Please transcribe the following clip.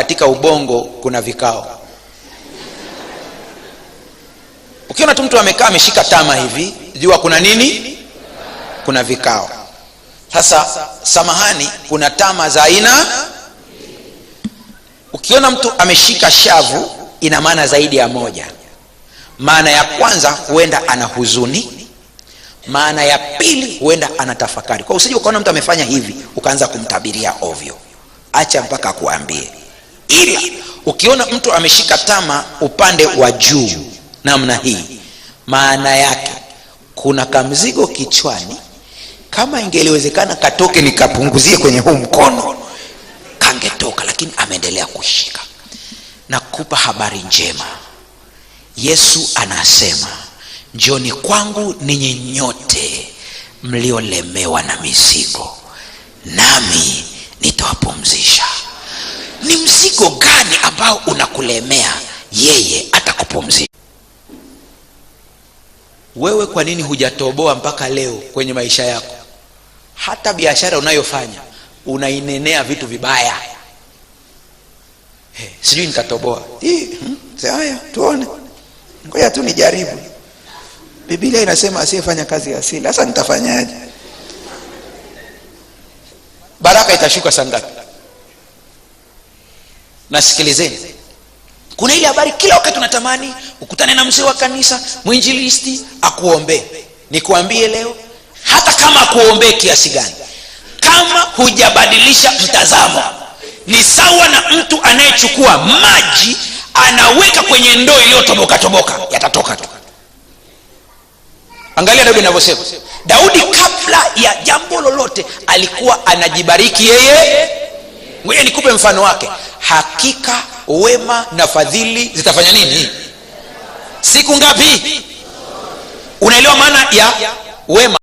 Katika ubongo kuna vikao. Ukiona tu mtu amekaa ameshika tama hivi, jua kuna nini? Kuna vikao. Sasa samahani, kuna tama za aina. Ukiona mtu ameshika shavu, ina maana zaidi ya moja. Maana ya kwanza, huenda ana huzuni. Maana ya pili, huenda ana tafakari. Kwa usije ukaona mtu amefanya hivi ukaanza kumtabiria ovyo, acha mpaka akuambie ila ukiona mtu ameshika tama upande wa juu namna hii, maana yake kuna kamzigo kichwani. Kama ingeliwezekana katoke nikapunguzie kwenye huu mkono, kangetoka, lakini ameendelea kushika. Nakupa habari njema, Yesu anasema njoni kwangu ninyi nyote mliolemewa na mizigo, nami nitawapumzisha ni mzigo gani ambao unakulemea, yeye atakupumzika wewe. Kwa nini hujatoboa mpaka leo kwenye maisha yako? Hata biashara unayofanya unainenea vitu vibaya, hey, eh, sijui nitatoboa hii. hmm, tuone, ngoja tu nijaribu. bibilia inasema asiyefanya kazi ya asili. Sasa nitafanyaje? Baraka itashuka sangapi nasikilizeni kuna ile habari kila wakati unatamani ukutane na mzee wa kanisa mwinjilisti akuombee nikuambie leo hata kama akuombee kiasi gani kama hujabadilisha mtazamo ni sawa na mtu anayechukua maji anaweka kwenye ndoo iliyotoboka toboka yatatoka tu angalia daudi inavyosema daudi kabla ya jambo lolote alikuwa anajibariki yeye Ngoja nikupe mfano wake. Hakika wema na fadhili zitafanya nini? Siku ngapi? Unaelewa maana ya wema?